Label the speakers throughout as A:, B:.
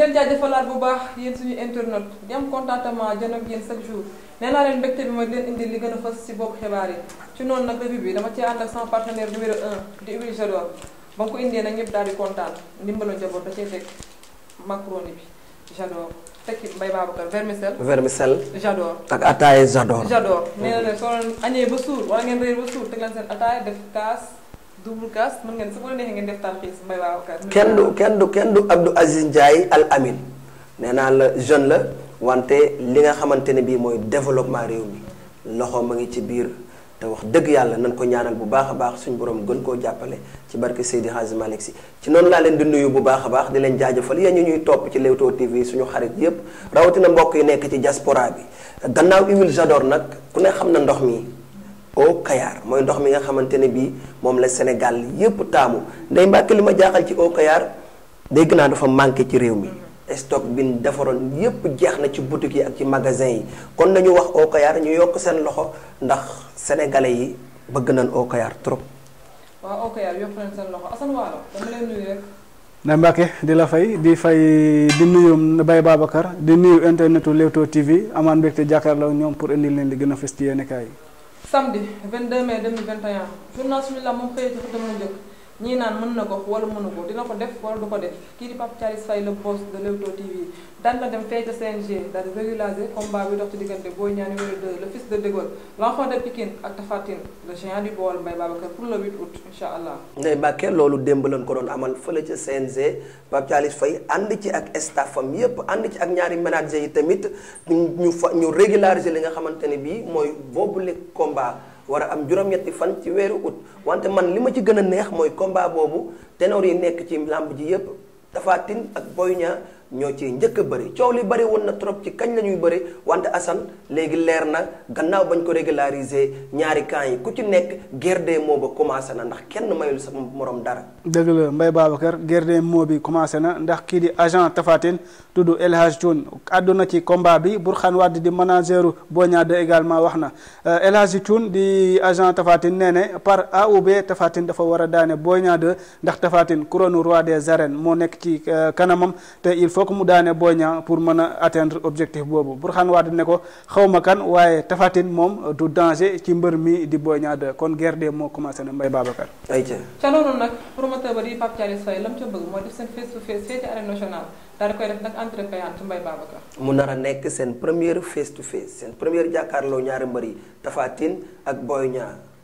A: leen jaajëfalaat bu baax yéen suñu internet di am contentement jën ak jour nee naa leen mbégte bi mooy leen indi li gën a fës si bopp xibaar yi ci noonu nag début bi dama ci ànd ak sama partenaire numéro 1 di Huile Jador ba ko indee nag ñëpp daal di kontaan ndimbalu njaboot da cee teg macaroni bi Jador tekki Mbaye Babacar vermicelle. vermicelle Jador. ak ataaye Jador. Jador nee na leen soo ba suur wala ngeen réer ba suur teg leen seen ataaye double cas mën ngeen su ma kenn du
B: kenn du kenn du Abdou Aziz Ndiaye Al Amin nee naa la jeune la wante li nga xamante ne bii mooy développement réew mi loxo ma ngi ci biir te wax dëgg yàlla nañ ko ñaanal bu baax a baax suñu borom gën koo jàppale ci barke Seydi Hadji Malick Sy ci noonu laa leen di nuyu bu baax a baax di leen jaajëfal yéen ñi ñuy topp ci Leewtoo TV suñu xarit yépp rawatina mbokk yi nekk ci jaspora bi gannaaw huile j'adore nag ku ne xam na ndox mi. au Kayar mooy ndox mi nga xamante ne bii moom la Sénégal yépp taamu nday Mbàkke li ma jaaxal ci au dégg naa dafa manqué ci réew mi stock bi ñu defaroon yépp jeex na ci boutique yi ak ci magasin yi kon nañu wax au Kayar ñu yokk seen loxo ndax sénégalais yi bëgg nañ au trop.
A: waaw au Kayar yokk nañ seen loxo Assane Waalo dama leen nuyu rek.
C: Ndeye Mbacke di la fay di fay di nuyu Baye Babacar di nuyu internetu Leewtoo TV amaan mbégte jàkkaarloo ñoom pour indil leen li gën a fës ci yi.
A: samedi 22 mai 2021 journal suñu lamb moom xëyee jox dama njëkk ñii naan mën na ko wala mënu ko dina ko def wala du ko def kii di Pape Thialis Faye le boss de Leewtoo TV daan na dem fee ca CNG daal di régulariser combat bi dox ci diggante booy Niang numéro 2 le fils de Dégol l'enfant de Pikine ak Tapha Tine le géant du Baol Mbaye pour le 8 août incha allah.
B: ngay bàkkee loolu démb lañ ko doon amal fële ca CNG Pape Thialis Faye ànd ci ak staffam yépp ànd ci ak ñaari ménager yi tamit ñu fa ñu régulariser li nga xamante ne bii mooy boobule combat. war a am juróom-ñetti fan ci weeru août wante man li ma ci gën a neex mooy combat boobu ténor yi nekk ci làmb ji yépp Tapha Tine ak Boy ñoo ci njëkk a bëri coow li bëri woon na trop ci kañ la ñuy bëri wante Assane léegi leer na gannaaw bañ ko régulariser ñaari camp yi ku ci nekk guerre des mots ba commencé na ndax kenn mayul sa moroom dara.
C: dëgg la Mbaye Babacar guerre des mots bi commencé na ndax kii di agent Tafatine tudd El Hadj Thioune àdduna ci combat bi Bourkhane Wade di manageru Boña de également wax na euh, El Hadj Thioune di agent Tafatine nee ne par A ou B Tafatine dafa war a daane Boña de ndax Tafatine couronne des arènes moo nekk ci euh, kanamam foog mu daane Boy Niang pour mën a atteindre objectif boobu Burkhane Wade ne ko xawma ma kan waaye Tapha moom du danger ci mbër mi di Boy Niang kon guerre moo mots commencé na Mbaye Babacar. ayca
A: ca loolu nag promoteur ba di Pape Thialis Faye la mu ca bëgg mooy def seen face to face
B: nar a nekk seen première face to seen première jàkkaarloo ñaari mbër yi Tapha Tine ak Boy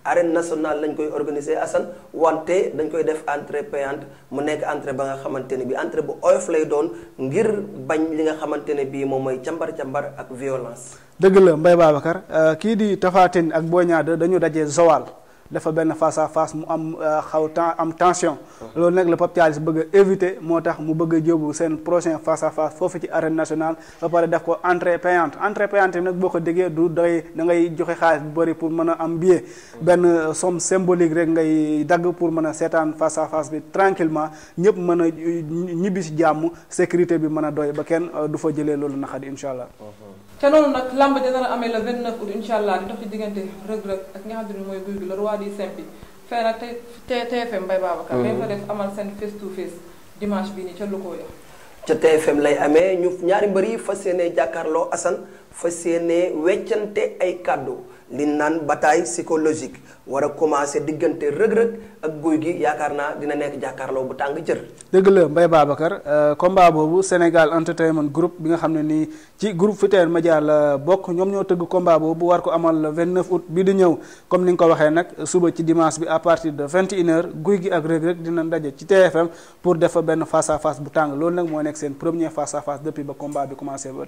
B: arène nationale lañ koy organiser assan wante dañ koy def entrée payante mu nekk entrée ba nga xamante ne bii entrée bu oyof lay doon ngir bañ li nga xamante ne bii moom mooy cambar cambar ak violence.
C: dëgg la Mbaye Babacar euh, kii di Tapha Tine ak Boy Niang dañu daje Joal. dafa benn face à face mu am euh, xaw temps am tension. loolu nag la Pape Thialis bëgg a éviter moo tax mu bëgg a jógu seen prochain face à face foofu ci arène nationale ba pare def ko entrée payante entrée payante nag boo ko déggee du doy da ngay joxe xaalis bu bëri pour mën a am billet. benn euh, somme symbolique rek ngay dagg pour mën a seetaan face à face bi tranquillement ñëpp mën a ñibbi si jàmm sécurité bi mën a doy ba kenn euh, du fa jëlee loolu naxadi incha allah.
A: ca noonu nag lamb dina amee le 29 août incha allah di dox ci diggante Reug Reug ak nga xam ne mooy guy gi mardi simple fee nag TFM Mbaye Babacar mm-hmm. dañ fa def amal seen face to face dimanche bi nii ca Louga
B: ca TFM lay amee ñu ñaari mbër yi fas yéene jàkkaarloo Assane fa yéene weccante ay kàddu li naan bataille psychologique war a commencer diggante rëg-rëg ak guy gi yaakaar naa dina nekk jàkkaarloo bu tàng jër.
C: dëgg la Mbaye Babacar euh, combat boobu Sénégal Entertainment Group bi nga xam ne nii ci groupe Futurs Médias la bokk ñoom ñoo tëgg combat boobu war ko amal le 29 août bi di ñëw comme ni nga ko waxee nag suba ci dimanche bi à partir de 21h guy gi ak rëg-rëg dina ndaje ci TFM pour def fa benn face à face bu tàng loolu nag moo nekk seen premier face à face depuis ba combat bi commencé ba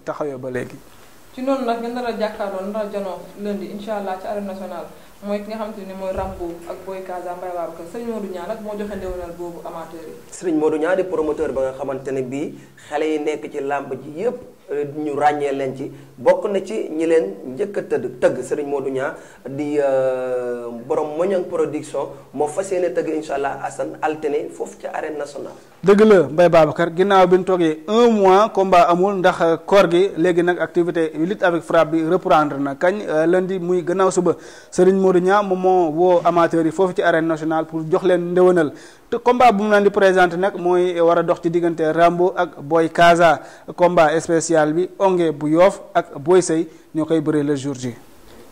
A: ci noonu nag nga nar a jàkkaarloo nar a janoo lundi incha allah ci arène nationale mooy ki nga xamante ne mooy Rambo ak Boy Kaza Mbaye waaru ka Serigne Modou Niang nag moo joxe ndewenal boobu amateur yi.
B: moo Modou Niang di promoteur ba nga xamante ne bii xale yi nekk ci làmb ji yëpp. ñu ràññee leen ci bokk na ci ñi leen njëkk tëdd tëgg sëriñ Modou Niang di euh, borom Moñang production moo fas yéene tëgg incha allah Assane altine foofu ca arène nationale.
C: dëgg la Mbaye Babacar ginnaaw bi nu toogee un mois combat amul ndax koor gi léegi nag activité lutte avec frappe bi reprendre na kañ euh, di muy gannaaw suba sëriñ Modou Niang moom moo woo amateur yi foofu ci arène nationale pour jox leen ndéwénal te combat bu mu leen di présenté nag mooy war dox ci diggante Rambo ak Boy Kaza combat spécial bi onge bu yoof ak booy Sey ñoo koy bëree le jour ji.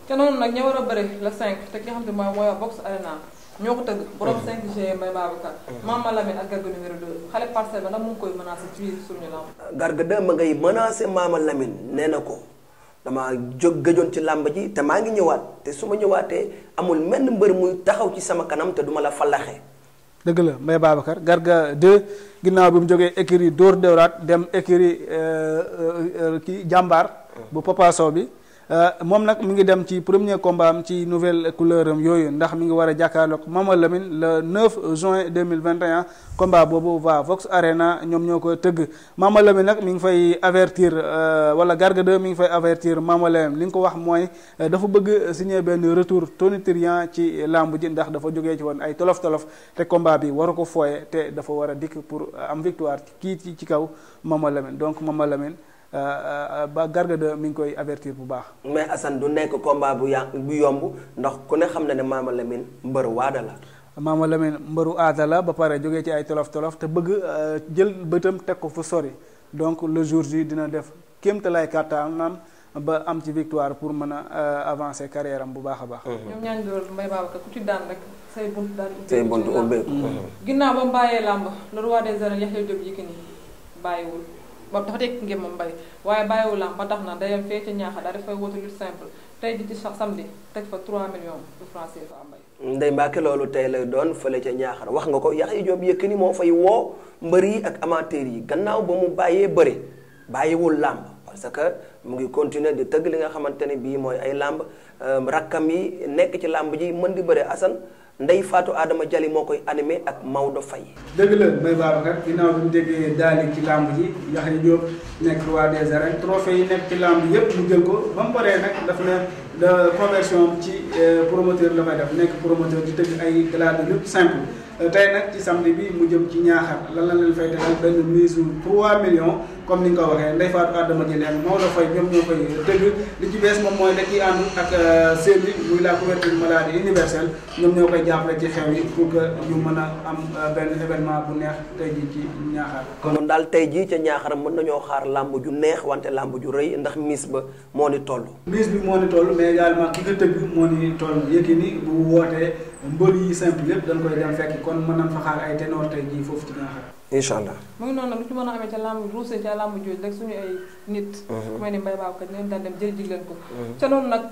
A: te noonu nag ña war a bëri te ki xam ne mooy mooy box arena ñoo ko tëgg borom 5 mm-hmm. mu koy menacé ci biir suñu lamb.
B: Garga de ngay menacé Mama Lamine nee na ko dama jóg gëjoon ci làmb ji te maa ngi ñëwaat te su ma ñëwaatee amul menn mbër muy taxaw ci sama kanam te duma la fallaxe
C: dëgg la Mbaye Babacar Garga 2 ginnaaw bi mu jógee écurie Dóor Dóoraat dem écurie euh, euh, euh, kii jàmbaar bu Papa Sow bi Euh, moom nag mu ngi dem ci premier combat ci nouvelle couleur am yooyu ndax mi ngi war a jàkkaarloog Mama Lamine le 9 juin 2021 combat boobu va Vox Arena ñoom ñoo ko tëgg Mama Lamine nag mi ngi fay avertir euh, wala Garga 2 mi ngi fay avertir Mama Lamine li nga ko wax mooy euh, dafa bëgg signer benn retour tonitruant ci làmb ji ndax dafa jógee ci woon ay tolof tolof te combat bi waru ko fooye te dafa war dikk pour am victoire kii ci kaw Mama Lamine donc Mama Lamine Euh, euh, euh, ba garga de mi ngi koy avertir bu baax. mais Assane du nekk
B: combat bu ya bu yomb ndax ku ne xam na ne Mama Lamine mbër waada la.
C: Mama Lamine mbëru aada la ba pare jógee ci ay tolof tolof te bëgg jël bëtam teg ko fu sori donc le jour ji dina def kéemtalaay kàttanam ba am ci victoire pour mën a avancer carrière bu baax a baax.
A: Mhm. ñoom ñaañ doon Mbaye Babacar ku ci daan rek say bunt daan say bunt ubbeeku mhm. ginnaaw ba mu bàyyee làmb le roi des arènes Yaxya Diop Yékini bàyyiwul. boobu dafa tekki ngeen moom mbay waaye bàyyiwu lam ba tax na dayam fee ca ñaaxa daal dafay wóotu lutte simple tey ji ci sax samedi teg fa 3 millions de francs
B: CFA loolu tey la doon fële ca ñaaxar wax nga ko Yaxya yëkk ni moo fay woo mbër yi ak amateurs yi gannaaw ba mu bàyyee bëre bàyyiwul làmb parce que mu ngi continuer di tëgg li nga xamante ne bii mooy ay làmb euh, rakkam yi nekk ci làmb ji mën di bëre Assane Ndeye faatu aadama Jali moo koy animé ak Maodo fay
C: dëgg la Mbaye Babacar ginnaaw bi ñu déggee daali ci làmb ji Yaxya Diop nekk roi des arènes trophée yi nekk ci làmb yépp mu jël ko ba mu paree nag daf na la conversion ci euh, promoteur la may def nekk promoteur di tëgg ay gala de simple. tey nag ci samedi bi mu jëm ci ñaaxar lan la leen fay defal benn mise trois million comme ni nga ko waxee Ndeye Fatou Adama ji leen moo la fay ñoom ñoo koy tëgg li ci moom mooy da ciy ànd ak euh, seen bi la couverture maladie
B: universelle ñoom ñoo koy jàppale ci xew yi pour que ñu mën a am euh, benn événement bu neex tey jii ci ñaaxar. kon daal tey jii ca ñaaxar mën nañoo xaar làmb ju neex wante làmb ju rëy ndax mise ba moo ni toll.
C: mise bi moo ni toll mais également ki nga tëgg moo ni toll yëg ni bu wootee. mbër yi simple yëpp dañ koy dem fekk kon mën nañ fa xaar ay ténor tey jii foofu ci nga xam.
B: incha allah
A: mu noonu lu ci mën a amee ca làmb ruuse ca làmb jooju rek suñu ay nit mhm. ku mel ni mbay baabu kat leen daan dem jël leen ko mhm. ca loolu nag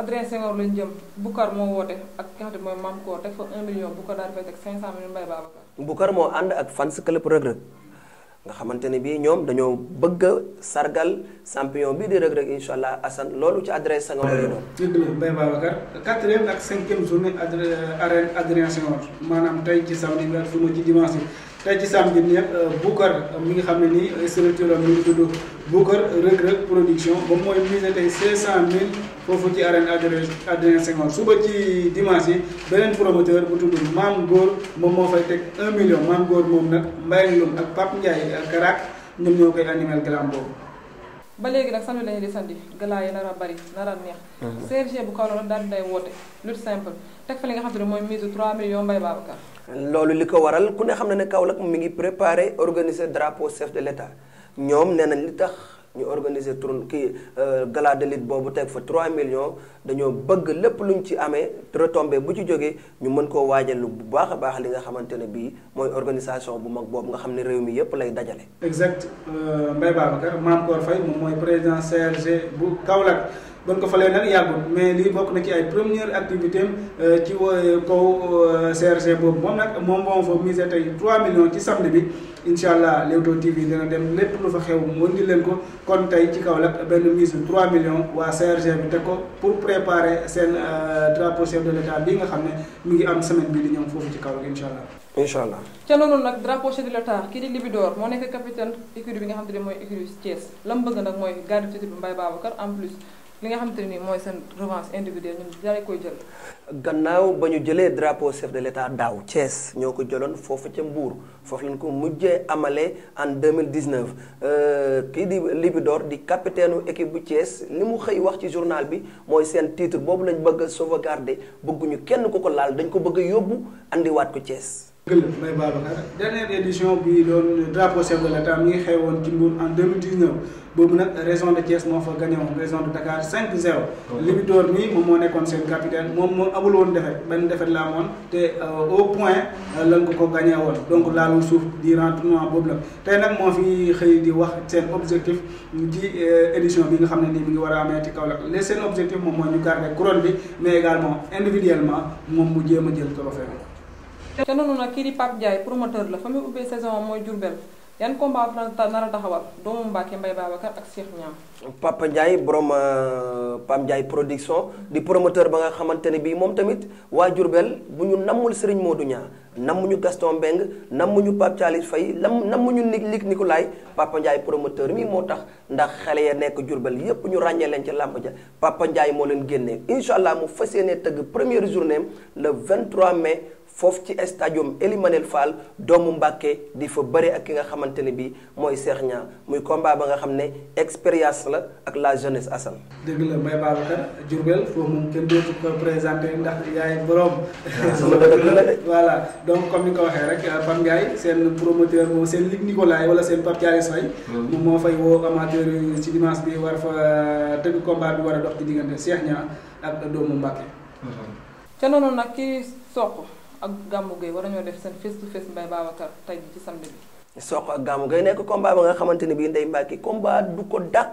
A: Adrien Senghor lañu jëm Boucar moo woote ak ki nga xam ne mooy Mame Koor teg fa 1 million Boucar daal di fay teg 500 millions mbay baabu kat
B: Boucar moo ànd ak fans club Reug Reug nga xamante ne bii ñoom dañoo bëgg a sargal champion bi di Reug Reug incha allah Assane loolu ci adresse sa lay doon.
C: Eh, dëgg la Mbaye Babacar
B: quatrième ak cinquième
C: journée arène Adrien Senghor maanaam tey ci samedi bi ak suma ci dimanche bi. te ci samedi bi euh, Boucar euh, mi nga xam ne nii euh, structure am mi ngi tudd Boucar Reug Reug production ba mooy mise tey 500000 foofu ci arène Adrien Senghor suba ci dimanche yi beneen promoteur bu tudd Maam Góor moom moo fay teg 1 million Maam Góor moom nag Mbaye Loum ak Pape Ndiaye Karak ñoom ñoo koy animel glam boobu.
A: ba léegi nag samedi lañuy desandi galaa yi nar a bari nar a neex. Mhm. CRG bu kaw la daal di day woote lutte simple teg fa li nga xam te ne mooy mise
B: loolu li ko waral ku ne xam ne ne Kaolack mu ngi préparé organiser drapeau chef de l'état ñoom nee nañ li tax ñu organiser tourne kii euh, gala de lutte boobu teg fa 3 millions dañoo bëgg lépp lu luñ ci amee retombé bu ci jógee ñu mën koo waajal lu bu baax a baax li nga xamante ne bii mooy organisation bu mag boobu nga xam ne réew mi yëpp lay dajale.
C: exact euh, Mbaye Babacar Mame Kor Faye moom mooy président CRG bu Kaolack. ba ko ko falee nag yàggul mais li bokk na ci ay première activité am euh, ci euh, kaw euh, CRG boobu moom nag moom moo fa misé tey 3 millions ci samedi bi incha allah Leewtoo TV dina dem lépp lu fa xew mu indi leen ko kon tey ci kaw la benn mise 3 millions waa CRG bi teg ko pour préparer seen drapeau chef de l'état bi nga xam ne mu ngi am semaine bi di ñëw foofu ci kaw la incha allah.
B: incha allah
A: ca loolu nag drapeau moo nekk capitaine mooy écurie Thiès la mu bëgg nag mooy garde titre li nga xamante ni mooy seen revanche individuelle ñun dara koy jël.
B: gannaaw ba ñu jëlee drapeau chef de l' état daaw Thiès ñoo ko jëloon foofu ca Mbour foofu lañ ko mujjee amalee en 2019 euh, kii di Libidor di capitaine équipe bu Thiès li mu xëy wax ci journal bi mooy seen titre boobu lañ bëgg a sauvegarder bëgguñu kenn ku ko laal dañ ko bëgg yóbbu indiwaat ko cees
C: gël Mbaye Babacar édition bi doon drapeau chef de l'État mi ngi xewoon ci Mbour en 2019 boobu nag région de Thiès moo fa gagné woon de Dakar 5-0 Libidor mi moom moo nekkoon seen capitaine moom moo amul woon defet benn defet la amoon te euh, au point euh, lañ ko ko gagné woon donc laalul suuf durant tournoi boobu la tey nag moo fi xëy di wax seen objectif ci euh, édition bi nga xam ne nii mi ngi war a amee ci Kaolack les seen objectif moom mooy ñu garder couronne bi mais également individuellement moom mu jéem a jël trophée
A: te noonu nag kii di Pape Ndiaye promoteur la fa muy ubbee saison mooy Diourbel yan combat France nar a taxawal doomu Mbacke Mbaye Babacar ak Cheikh Niang.
B: Pape Ndiaye borom euh, Pape Ndiaye production di promoteur ba nga xamante ne bii moom tamit waa Diourbel bu ñu namul nammul Serigne Modou nam nammuñu Gaston Mbengue nammuñu Pape Thialis Faye nam nammuñu Luc Luc Nicolaï Papa Ndiaye promoteur mi moo tax ndax xale ya nekk Jurbel yépp ñu ràññee leen ci làmb ja Papa Ndiaye moo leen génnee incha allah mu fas yéene tëgg première journée le 23 mai. foofu ci stadium Ely Manel Fall doomu Mbàkke di fa bëre ak ki nga xamante ne bii mooy Cheikh Niang muy combat ba nga xam ne expérience la ak la jeunesse Assane.
C: dëgg la Mbaye Babacar Diourbel foofu moom ah, voilà donc comme ni euh, seen promoteur moom seen wala seen Pape Thialis Faye. Mm. moo fay woo amateur yi ci dimanche bi war fa euh, a dox ci diggante Cheikh Niang ak doomu Mbàkke.
A: ca noonu nag ki soq. ak Gamou Gueye war ñoo def seen face to face baaba Babacar tey ji ci samedi bi.
B: Sokh ak Gamou Gueye nekk combat ba nga xamante ne bii Ndeye Mbacke combat du ko dàq.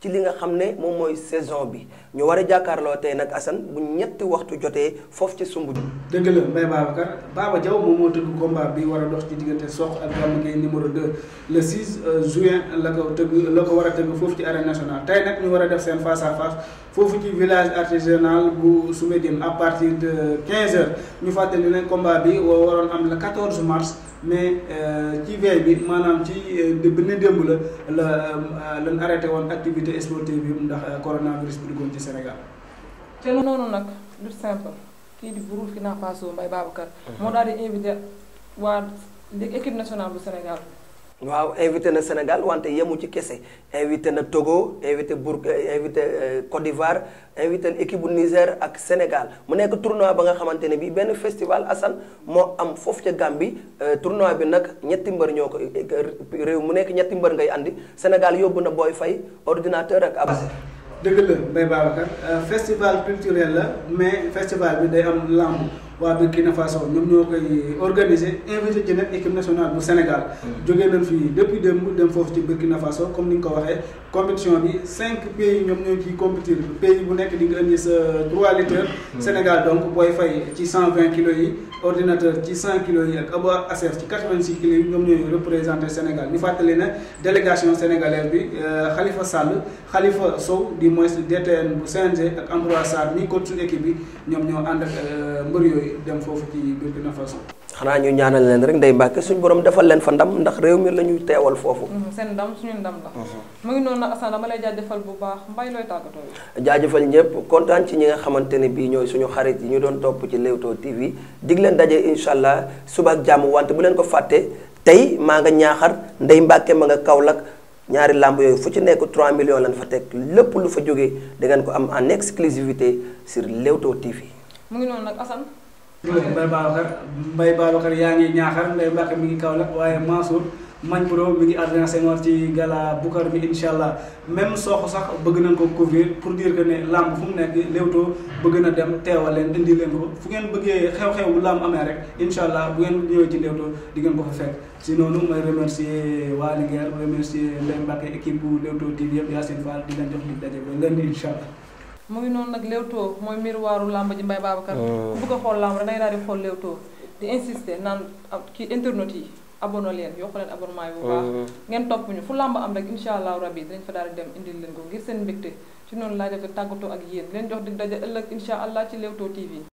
B: ci li nga xam ne moom mooy saison bi ñu war a jàkkaarloo tey nag Assane bu ñetti waxtu jotee foofu ci sumb dëgg la Mbaye
C: Babacar Baba Diaw moom moo tëgg combat bi war a dox ci diggante Sokh ak Balla Gaye numéro le 6 euh, juin la ko tëgg la ko war a tëgg foofu ci arène nationale tey nag ñu war a def seen face à face foofu ci village artisanal bu Soumbédioune à partir de 15h ñu fàttali ne combat bi waroon am le 14 mars mais euh, ci veille bi maanaam ci euh, benn démb la la lan arrêté woon activité diggante Expo TV bi ndax euh, coronavirus bu duggoon ci Sénégal.
A: te noonu nag lu simple kii di Burkina Faso Mbaye Babacar. Mhm. moo daal di invité waa équipe nationale bu Sénégal.
B: waaw invité na Sénégal wante yemu ci kese invité na Togo invité Bour eh, invité eh, Côte d'Ivoire invité na équipe Niger ak Sénégal mu nekk tournoi ba nga xamante ne bii benn festival assan moo am foofu ca Gambie eh, tournoi bi nag ñetti mbër ñoo ko réew mu nekk ñetti mbër ngay andi Sénégal yóbbu na booy fay ordinateur ak Abasé.
C: dëgg la Mbaye Babacar festival culturel la mais festival bi day am lamb. waa Burkina Faso ñoom ñoo koy organiser invité ci nag équipe nationale bu Sénégal. Mm. jógee nañ fii depuis démb dem foofu ci Burkina Faso comme ni nga ko waxee compétition bi cinq pays ñoom ñoo ciy compétir pays bu nekk di nga indi sa trois litres. Mm. Sénégal donc booy fay ci cent vingt kilos yi. ordinateur ci 100 kilos yi ak Abou Assef ci 86 kilos yi ñoom ñooy représenté Sénégal ñu fàttali na délégation sénégalaise bi xalifa euh, Sall Khalifa Sow du t DTN bu CNG ak Ambroise Sarr ni coach su équipe bi ñoom ñoo ànd ak euh, mbër yooyu dem foofu ci Burkina
B: Faso. xanaa ñu ñaanal leen rek nday Mbàkke suñ borom defal leen fa ndam ndax réew mi la ñu teewal foofu.
A: Mhm, seen ndam suñu ndam la. Mhm. mu ngi noonu Assane dama lay bu baax mbay looy tàggatoo.
B: jaajëfal ñëpp kontaan ci ñi nga xamante ne bii ñooy suñu xarit yi ñu doon topp ci Leewtoo TV dig leen daje incha allah suba jàmm wante bu leen ko fàtte tey maa nga ñaaxar nday Mbàkke ma nga Kaolack ñaari làmb yooyu ci nekk 3 millions lañ fa teg lépp lu fa jógee da ko am en exclusivité sur Leewtoo TV.
A: mu ngi noonu nag Assane
C: Mbaye Babacar Mbaye Babacar yaa ngi ñaaxar Ndeye Mbacke mi ngi kaw Kaolack waaye Mansour Magne Bro mi ngi Adrien Senghor ci gala Boucar bi incha allah même Sokh sax bëgg nañ ko couvrir pour dire que ne làmb fu mu nekk Leewtoo bëgg na dem teewal leen indi leen ko fu ngeen bëggee xew-xew bu làmb amee rek incha allah bu ngeen ñëwee ci Leewtoo di ngeen ko fa fekk. si noonu may remercier waa Linguère remercier Ndeye Mbacke équipe bu Leewtoo TV yëpp di leen
A: mu ngi noonu nag Leewtoo mooy waaru làmb ji Mbaye Babacar. bu oh. bëgg xool làmb rek da ngay daal di xool Leewtoo di insister naan kii internet yi abonné leen yokk leen abonnement yi bu baax. Oh. ngeen topp ñu fu làmb am rek incha allahu rabi dinañ fa daal di dem indil leen ko ngir seen mbégte ci noonu laa def tàggatoo ak yéen leen jox dig daje ëllëg incha allah ci Leewtoo TV.